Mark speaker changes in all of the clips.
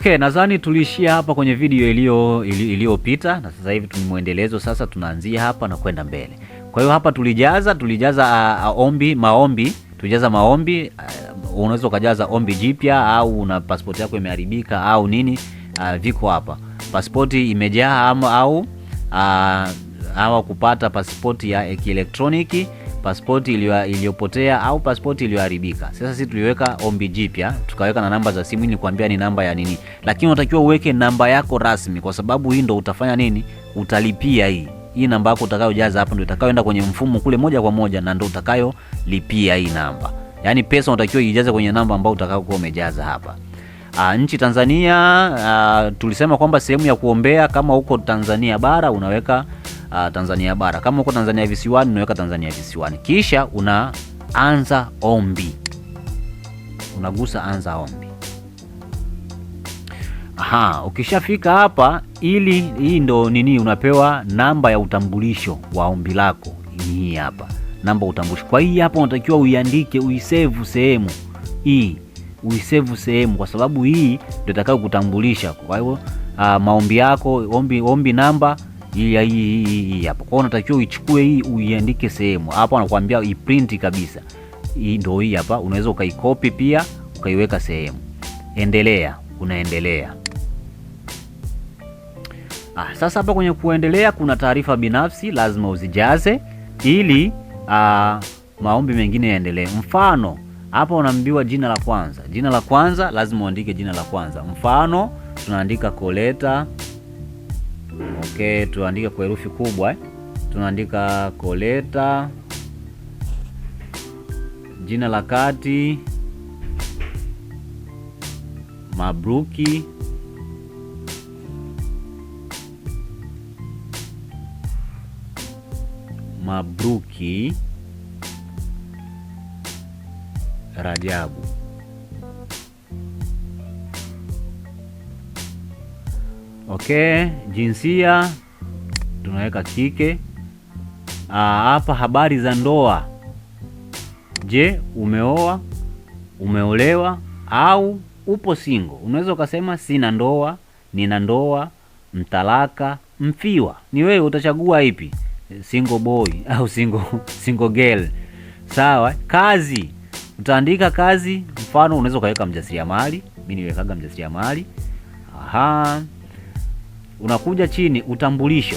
Speaker 1: Okay, nadhani tuliishia hapa kwenye video iliyopita, na sasa hivi tuna Sasa tunaanzia hapa na kwenda mbele. Kwa hiyo hapa tulijaza tulijaza a, a, ombi maombi tujaza maombi. Unaweza ukajaza ombi jipya, au una pasipoti yako imeharibika au nini, a, viko hapa pasipoti imejaa ama, au a, ama kupata pasipoti ya kielektroniki pasipoti iliyopotea au pasipoti iliyoharibika. Sasa sisi tuliweka ombi jipya, tukaweka na namba za simu ili kuambia ni namba ya nini, lakini unatakiwa uweke namba yako rasmi, kwa sababu hii ndo utafanya nini, utalipia hii hii namba yako utakayojaza hapo ndo itakayoenda kwenye mfumo kule moja kwa moja, na ndo utakayolipia hii namba. Yaani pesa unatakiwa ijaze kwenye namba ambayo utakayokuwa umejaza hapa. Aa, ah, nchi Tanzania aa, ah, tulisema kwamba sehemu ya kuombea kama huko Tanzania bara unaweka uh, Tanzania bara. Kama uko Tanzania visiwani unaweka Tanzania visiwani, kisha unaanza ombi, unagusa anza ombi. Aha, ukishafika hapa, ili hii ndo nini, unapewa namba ya utambulisho wa ombi lako. Hii hapa namba utambulisho. Kwa hii hapa unatakiwa uiandike, uisevu sehemu hii, uisevu sehemu, kwa sababu hii ndio itakayokutambulisha. Kwa hiyo uh, maombi yako, ombi, ombi namba hii hii hii Kwa hiyo unatakiwa uichukue hii uiandike sehemu hapo, anakuambia iprinti kabisa. Hii ndio hii hapa, unaweza ukaikopi pia ukaiweka sehemu. Endelea, unaendelea. Ah, sasa hapa kwenye kuendelea kuna taarifa binafsi lazima uzijaze ili ah, maombi mengine yaendelee. Mfano hapa unaambiwa jina la kwanza, jina la kwanza lazima uandike jina la kwanza. Mfano tunaandika Koleta Mm-hmm. Okay, tuandike kwa herufi kubwa eh. Tunaandika koleta, jina la kati, mabruki, mabruki Rajabu. Okay, jinsia tunaweka kike. Ah, hapa habari za ndoa. Je, umeoa, umeolewa au upo single? Unaweza ukasema sina ndoa, nina ndoa, mtalaka, mfiwa. Ni wewe utachagua ipi, single boy au single, single girl? Sawa. Kazi utaandika kazi, mfano unaweza ukaweka mjasiriamali. Mimi niwekaga mjasiriamali. Aha unakuja chini utambulisho.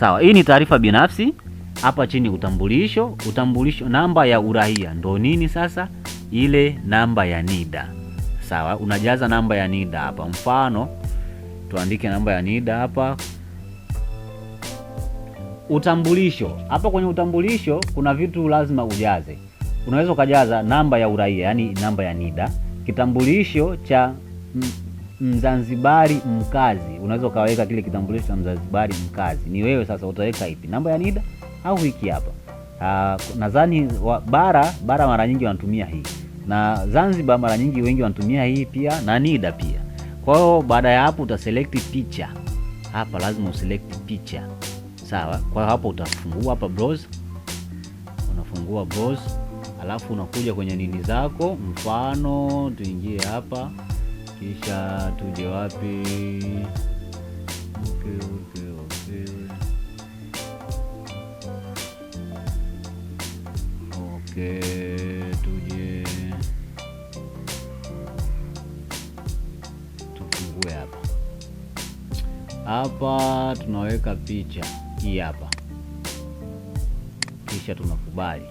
Speaker 1: Sawa, hii ni taarifa binafsi. Hapa chini utambulisho, utambulisho namba ya uraia ndo nini sasa? Ile namba ya NIDA. Sawa, unajaza namba ya NIDA hapa. Mfano tuandike namba ya NIDA hapa utambulisho hapa. Kwenye utambulisho kuna vitu lazima ujaze. Unaweza ukajaza namba ya uraia, yani namba ya NIDA, kitambulisho cha Mzanzibari mkazi, unaweza ukaweka kile kitambulisho cha Mzanzibari mkazi. Ni wewe sasa utaweka ipi, namba ya NIDA au hiki hapa? Uh, nadhani bara bara mara nyingi wanatumia hii na Zanzibar mara nyingi wengi wanatumia hii pia na NIDA pia. Kwa hiyo baada ya hapo utaselect picha hapa, lazima uselect picha sawa. Kwa hapo utafungua hapa browse, unafungua browse alafu unakuja kwenye nini zako, mfano tuingie hapa kisha tuje wapi? Okay, okay, okay. Okay, tuje tufungue hapa hapa, tunaweka picha hii hapa, kisha tunakubali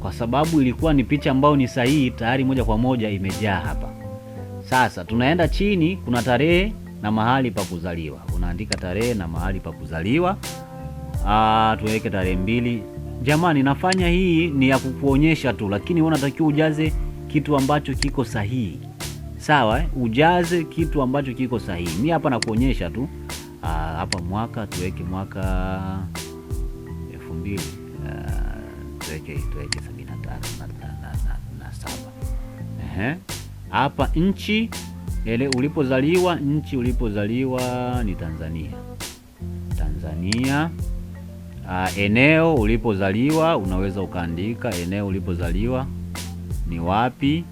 Speaker 1: kwa sababu ilikuwa ni picha ambayo ni sahihi tayari, moja kwa moja imejaa hapa. Sasa tunaenda chini, kuna tarehe na mahali pa kuzaliwa, unaandika tarehe na mahali pa kuzaliwa. Ah, tuweke tarehe mbili. Jamani, nafanya hii ni ya kukuonyesha tu, lakini wewe unatakiwa ujaze kitu ambacho kiko sahihi, sawa eh? Ujaze kitu ambacho kiko sahihi. Mimi hapa nakuonyesha tu. Aa, ah, hapa mwaka tuweke mwaka 2000. mbili ah, tuweke tuweke 75 na tano na hapa nchi ele ulipozaliwa. Nchi ulipozaliwa ni Tanzania. Tanzania. Uh, eneo ulipozaliwa unaweza ukaandika eneo ulipozaliwa ni wapi,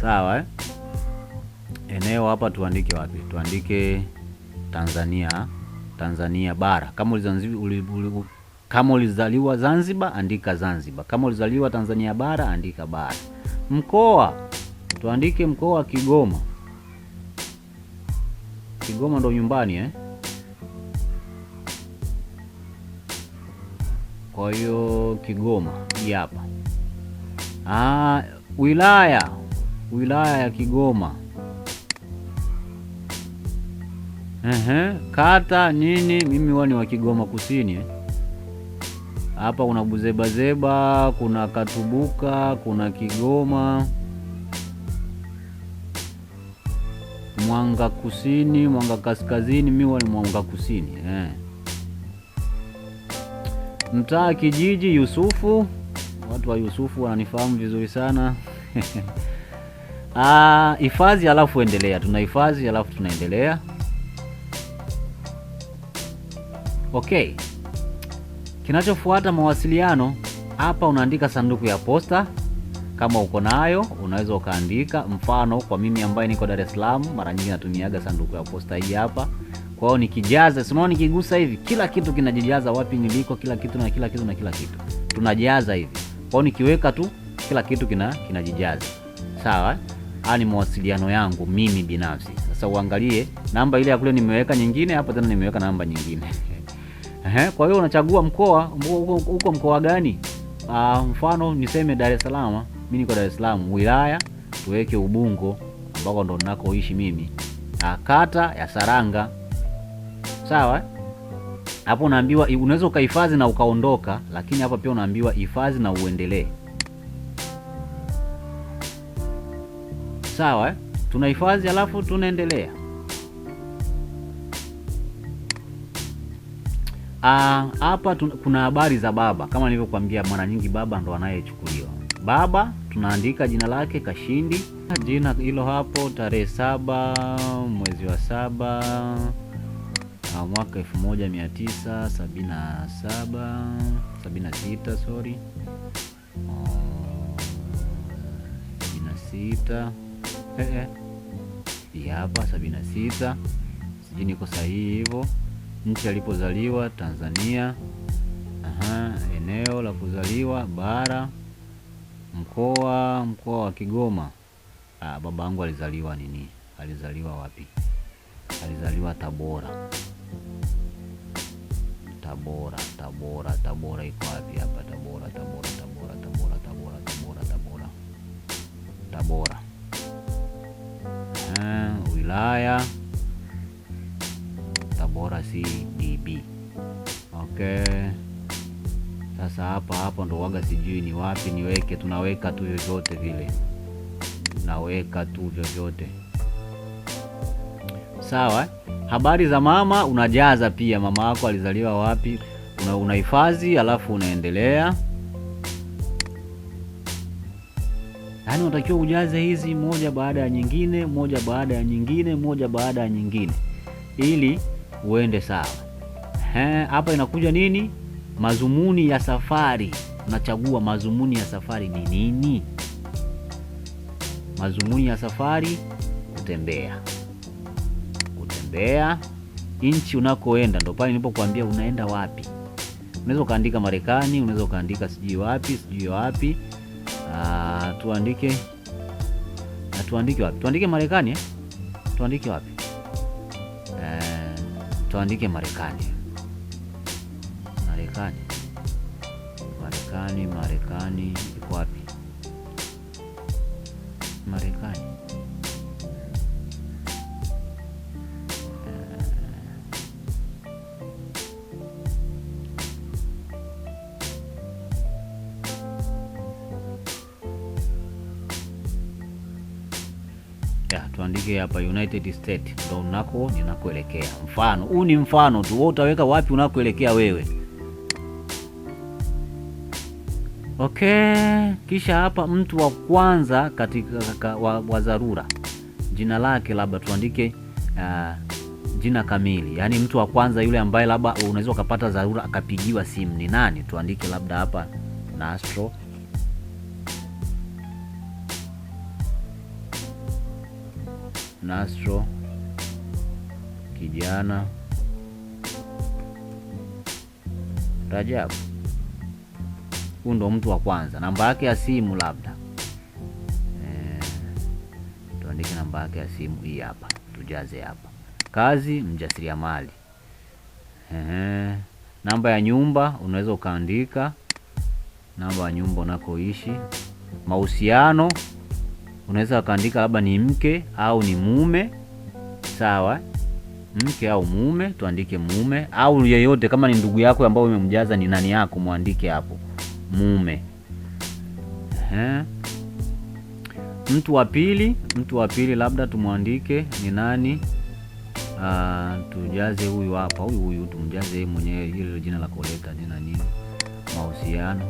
Speaker 1: sawa eh? Eneo hapa tuandike wapi? Tuandike Tanzania, Tanzania bara. Kama ulizaliwa uli, uli, kama ulizaliwa Zanzibar andika Zanzibar. Kama ulizaliwa Tanzania bara andika bara. Mkoa tuandike mkoa wa Kigoma. Kigoma ndo nyumbani eh? Kwa hiyo Kigoma hii hapa. Ah, wilaya wilaya ya Kigoma. Ehe, kata nini? Mimi huwa ni wa Kigoma Kusini eh? Hapa kuna Buzebazeba, kuna Katubuka, kuna Kigoma Mwanga kusini, Mwanga kaskazini, mi ni Mwanga kusini eh. Mtaa kijiji Yusufu, watu wa Yusufu wananifahamu vizuri sana ah, hifadhi alafu endelea, tuna hifadhi alafu tunaendelea. Okay, kinachofuata mawasiliano. Hapa unaandika sanduku ya posta kama uko nayo unaweza ukaandika. Mfano kwa mimi ambaye niko Dar es Salaam, mara nyingi natumiaga sanduku ya posta hii hapa. Kwa hiyo nikijaza, si unaona, nikigusa hivi kila kitu kinajijaza, wapi niliko, kila kitu na kila kitu na kila kitu tunajaza hivi. Kwa hiyo nikiweka tu kila kitu kina kinajijaza. Sawa, haya ni mawasiliano yangu mimi binafsi. Sasa uangalie namba ile ya kule nimeweka nyingine, hapa tena nimeweka namba nyingine ehe. Kwa hiyo unachagua mkoa, uko mkoa gani? Uh, mfano niseme Dar es Salaam mimi niko Dar es Salaam wilaya, tuweke Ubungo ambako ndo ninakoishi mimi, kata ya Saranga. Sawa, hapo unaambiwa unaweza ukahifadhi na ukaondoka, lakini hapa pia unaambiwa hifadhi na uendelee. Sawa, tunahifadhi alafu tunaendelea. Ah, hapa kuna habari za baba kama nilivyokuambia, mara nyingi baba ndo anayechukulia baba tunaandika jina lake Kashindi, jina hilo hapo, tarehe saba mwezi wa saba ah, mwaka sita sori sorry, 76 eh, eh. hii hapa sita sijui niko sahihi hivyo. Nchi alipozaliwa Tanzania. Aha, eneo la kuzaliwa bara Mkoa, mkoa wa Kigoma. Ah, yangu alizaliwa nini? Alizaliwa wapi? Alizaliwa Tabora. Tabora, Tabora, Tabora iko wapi hapa? Tabora, Tabora, Tabora, Tabora, Tabora, Tabora, Tabora, Tabora. Ha, ah, wilaya Tabora CDB. Okay. Sasa hapa hapa ndo waga sijui ni wapi niweke, tunaweka tu vyovyote vile, naweka tu vyovyote sawa. Habari za mama unajaza pia, mama yako alizaliwa wapi, unahifadhi una alafu unaendelea yaani unatakiwa ujaze hizi moja baada ya nyingine, moja baada ya nyingine, moja baada ya nyingine ili uende sawa. Hapa inakuja nini? mazumuni ya safari, unachagua mazumuni ya safari ni nini? mazumuni ya safari kutembea, kutembea nchi unakoenda, ndo pale nilipokuambia unaenda wapi. Unaweza ukaandika Marekani, unaweza ukaandika sijui wapi sijui wapi. Ah, tuandike na tuandike wapi? Tuandike Marekani eh? Tuandike wapi? Eh, tuandike Marekani. Marekani. Marekani, Marekani iko wapi? Marekani eh. tuandike hapa United States, ndo unako ninakoelekea. Mfano huu ni mfano tu, wewe utaweka wapi unakoelekea wewe. Okay, kisha hapa mtu wa kwanza katika wa, wa dharura jina lake labda tuandike uh, jina kamili, yaani mtu wa kwanza yule ambaye labda unaweza ukapata dharura akapigiwa simu ni nani? Tuandike labda hapa Nastro Nastro kijana Rajabu huyu ndo mtu wa kwanza, namba yake ya simu labda eh, tuandike namba yake ya simu hii hapa, tujaze hapa, kazi mjasiriamali. Ehe, namba ya nyumba unaweza ukaandika namba ya nyumba unakoishi. Mahusiano unaweza ukaandika labda ni mke au ni mume, sawa mke au mume, tuandike mume au yeyote. Kama ni ndugu yako ambayo umemjaza ni nani yako, mwandike hapo mume. Ehe. Mtu wa pili, mtu wa pili labda tumwandike ni nani? Uh, tujaze huyu hapa, huyu huyu tumjaze mwenyewe hilo jina la koleta, jina nini? Mahusiano,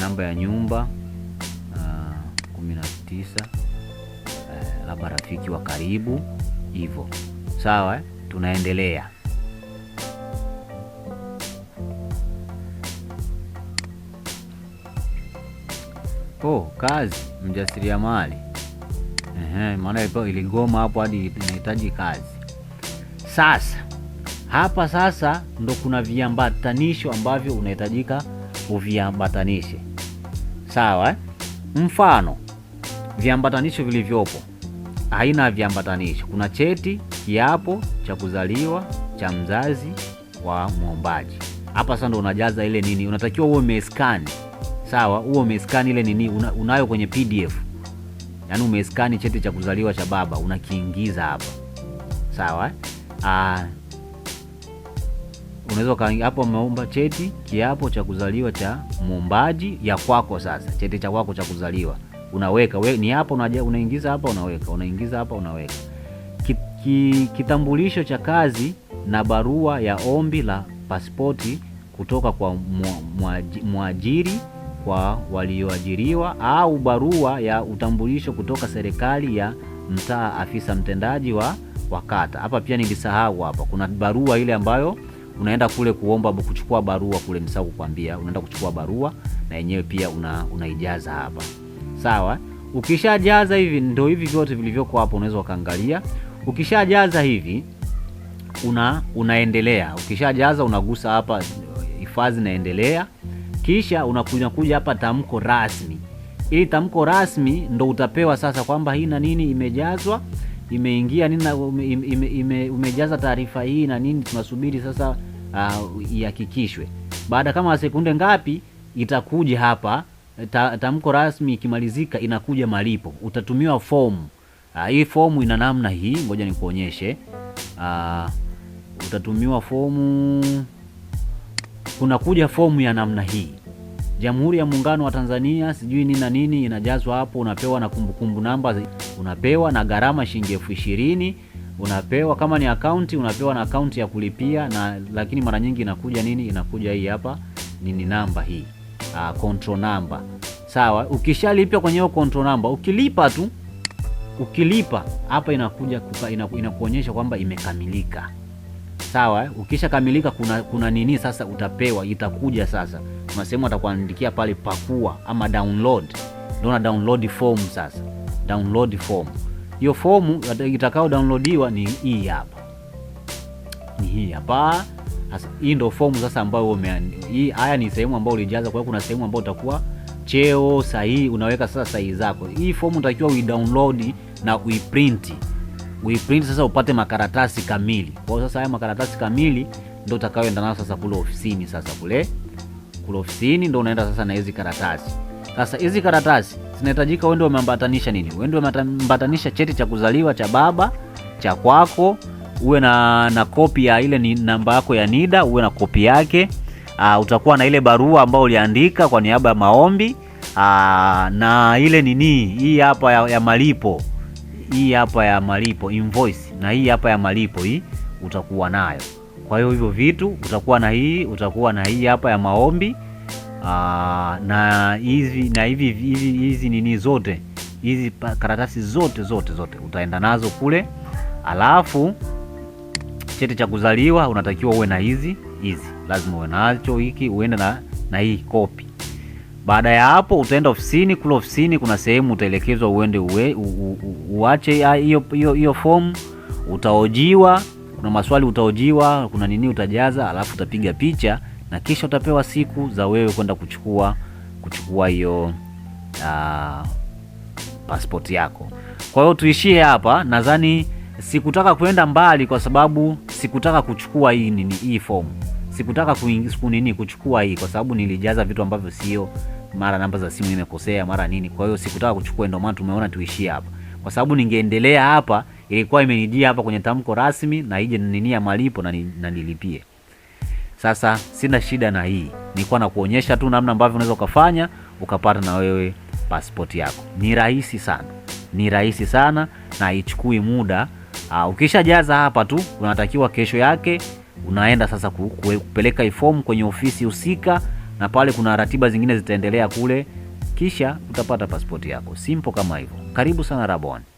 Speaker 1: namba ya nyumba uh, kumi na tisa uh, labda rafiki wa karibu hivyo, sawa eh? Tunaendelea. Oh, kazi mjasiriamali. Ehe, maana iligoma hapo hadi inahitaji kazi. Sasa hapa sasa ndo kuna viambatanisho ambavyo unahitajika uviambatanishe, sawa eh? Mfano viambatanisho vilivyopo, aina ya viambatanisho, kuna cheti, kiapo cha kuzaliwa cha mzazi wa mwombaji. Hapa sasa ndo unajaza ile nini, unatakiwa uwe umeskani sawa, huo umeskani ile nini una, unayo kwenye PDF, yaani umeskani cheti cha kuzaliwa cha baba unakiingiza hapa, sawa. Eh? Ah, unaweza hapo umeomba cheti kiapo cha kuzaliwa cha muombaji ya kwako. Sasa cheti cha kwako cha kuzaliwa unaweka we, ni hapo unaingiza hapa unaweka unaingiza hapa unaweka ki, ki, kitambulisho cha kazi na barua ya ombi la pasipoti kutoka kwa mwajiri mwa, kwa walioajiriwa au barua ya utambulisho kutoka serikali ya mtaa, afisa mtendaji wa wakata. Hapa pia nilisahau, hapa kuna barua ile ambayo unaenda kule kuomba kuchukua barua kule, nisahau kukwambia, unaenda kuchukua barua na yenyewe pia una unaijaza hapa, sawa. Ukishajaza hivi, ndio hivi vyote vilivyokuwa hapo, unaweza ukaangalia. Ukishajaza hivi una unaendelea. Ukishajaza unagusa hapa, hifadhi naendelea kisha unakuja hapa tamko rasmi. Ili tamko rasmi ndo utapewa sasa kwamba hii na nini imejazwa imeingia nini ume, ime, ime, umejaza taarifa hii na nini. Tunasubiri sasa uh, Baada kama sekunde ngapi itakuja hapa ta, tamko rasmi ikimalizika, inakuja malipo. Utatumiwa fomu uh, hii fomu ina namna hii, ngoja nikuonyeshe. Uh, utatumiwa fomu, kunakuja fomu ya namna hii Jamhuri ya Muungano wa Tanzania, sijui nini na nini, inajazwa hapo, unapewa na kumbukumbu namba, unapewa na gharama shilingi elfu ishirini unapewa kama ni akaunti, unapewa na akaunti ya kulipia na, lakini mara nyingi inakuja nini, inakuja hii hapa nini namba hii, ah, control namba. Sawa, ukishalipia kwenye hiyo control namba, ukilipa tu, ukilipa hapa inakuja inakuonyesha kwamba imekamilika sawa eh? Ukisha kamilika kuna, kuna nini sasa, utapewa itakuja sasa, kuna sehemu atakuandikia pale pakua ama download, ndio na download form sasa, download form. Hiyo fomu itakao downloadiwa ni hii hapa, ni hii hapa sasa. Hii ndio fomu sasa ambayo hii Haya ni sehemu ambayo ulijaza, kwa hiyo kuna sehemu ambayo utakuwa cheo sahihi, unaweka sasa sahihi zako. Hii fomu utakiwa uidownload na uiprint uiprint sasa upate makaratasi kamili. Kwa hiyo sasa haya makaratasi kamili ndio utakayoenda nayo sasa kule ofisini, sasa kule kule ofisini ndio unaenda sasa na hizi karatasi. Sasa hizi karatasi zinahitajika wewe ndio umeambatanisha nini? Wewe ndio umeambatanisha cheti cha kuzaliwa cha baba cha kwako, uwe na na kopi ya ile ni namba yako ya NIDA, uwe na kopi yake. Uh, utakuwa na ile barua ambayo uliandika kwa niaba ya maombi. Uh, na ile nini hii hapa ya, ya malipo hii hapa ya malipo invoice, na hii hapa ya malipo hii utakuwa nayo. Kwa hiyo hivyo vitu utakuwa na hii, utakuwa na hii hapa ya maombi aa, na hizi na hivi hivi hizi nini zote hizi karatasi zote zote zote utaenda nazo kule, alafu cheti cha kuzaliwa unatakiwa uwe na hizi hizi, lazima uwe nacho hiki, uende na, na hii kopi baada ya hapo utaenda ofisini. Kule ofisini kuna sehemu utaelekezwa uende uwe, u, u, u, uache hiyo fomu, utaojiwa. Kuna maswali utaojiwa, kuna nini utajaza, alafu utapiga picha na kisha utapewa siku za wewe kwenda kuchukua kuchukua hiyo uh, pasipoti yako. Kwa hiyo tuishie hapa, nadhani sikutaka kwenda mbali kwa sababu sikutaka kuchukua hii nini hii fomu sikutaka nini kuchukua hii kwa sababu nilijaza vitu ambavyo sio mara namba za simu nimekosea, mara nini. Kwa hiyo sikutaka kuchukua, ndio maana tumeona tuishie hapa, kwa sababu ningeendelea hapa ilikuwa imenijia hapa kwenye tamko rasmi na ije nini ya malipo na, ni, na nilipie. Sasa sina shida na hii, nilikuwa nakuonyesha tu namna ambavyo unaweza ukafanya ukapata na wewe pasipoti yako. Ni rahisi sana, ni rahisi sana na haichukui muda. Uh, ukishajaza hapa tu unatakiwa kesho yake unaenda sasa kupeleka ifomu kwenye ofisi husika na pale kuna ratiba zingine zitaendelea kule, kisha utapata pasipoti yako. Simple kama hivyo. Karibu sana Rabaone.